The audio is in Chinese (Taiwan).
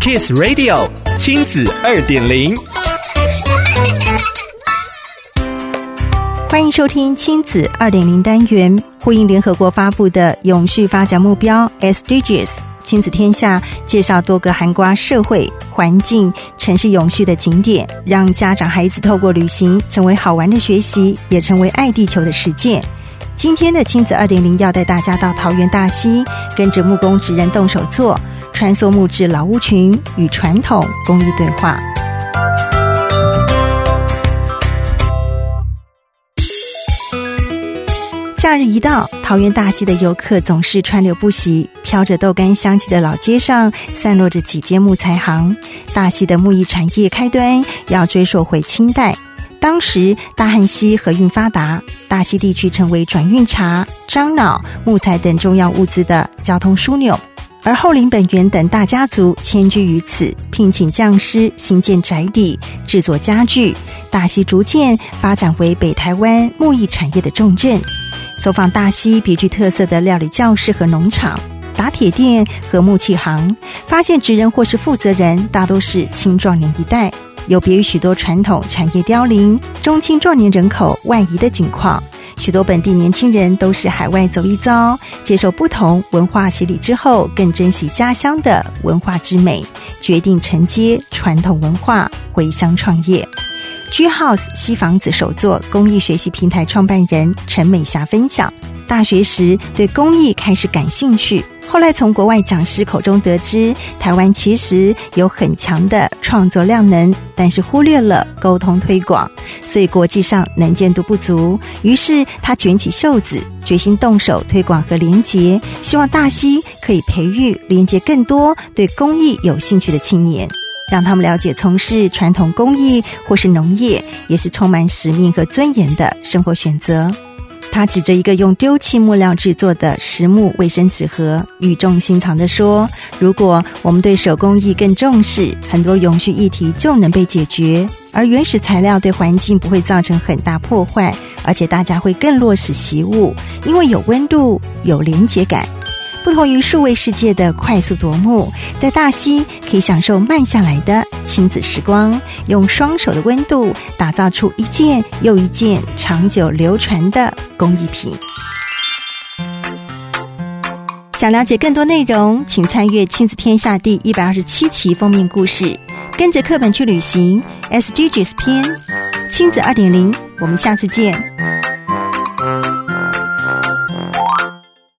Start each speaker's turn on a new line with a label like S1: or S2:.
S1: Kiss Radio 親子二點零，歡迎收聽親子二點零單元，呼應聯合國發布的永續發展目標 SDGs。S 親子天下介紹多個涵括社會、環境、城市永續的景點，讓家長孩子透過旅行成為好玩的學習，也成為愛地球的實踐。今天的親子二點零要帶大家到桃園大溪，跟着木工職人動手做。穿梭木質老屋群與傳統工藝對話。假日一到，桃園大溪的遊客總是川流不息。飄着豆干香氣的老街上，散落着幾間木材行。大溪的木藝產業開端要追溯回清代，當時大漢溪河運發達，大溪地區成為轉運茶、樟腦、木材等重要物資的交通樞紐。而後，林本源等大家族遷居於此，聘請匠師興建宅邸，製作家具。大溪逐漸發展為北台灣木藝產業的重鎮。走訪大溪別具特色的料理教室和農場、打鐵店和木器行，發現職人或是負責人大都是青壯年一代，有別於許多傳統產業凋零、中青壯年人口外移的情況。許多本地年輕人都是海外走一遭，接受不同文化洗禮之後，更珍惜家鄉的文化之美，決定承接傳統文化回鄉創業。G House 西房子首座工藝學習平台創辦人陳美霞分享：大學時對工藝開始感興趣，後來從國外講師口中得知，台灣其實有很強的創作量能，但是忽略了溝通推廣，所以國際上能見度不足。於是她卷起袖子，決心動手推廣和連接，希望大溪可以培育連接更多對工藝有興趣的青年。讓他們了解，從事傳統工藝或是農業，也是充滿使命和尊嚴的生活選擇。他指着一個用丟棄木料製作的實木衛生紙盒，語重心長地說：“如果我們對手工藝更重視，很多永續議題就能被解決。而原始材料對環境不會造成很大破壞，而且大家會更落實惜物，因為有溫度，有連結感。”不同於數位世界的快速奪目，在大溪可以享受慢下來的親子時光，用雙手的溫度打造出一件又一件長久流傳的工藝品。想了解更多內容，請參閱《親子天下》第一百二十七期封面故事，《跟着課本去旅行》SDGs 篇《親子二點零》。我們下次見。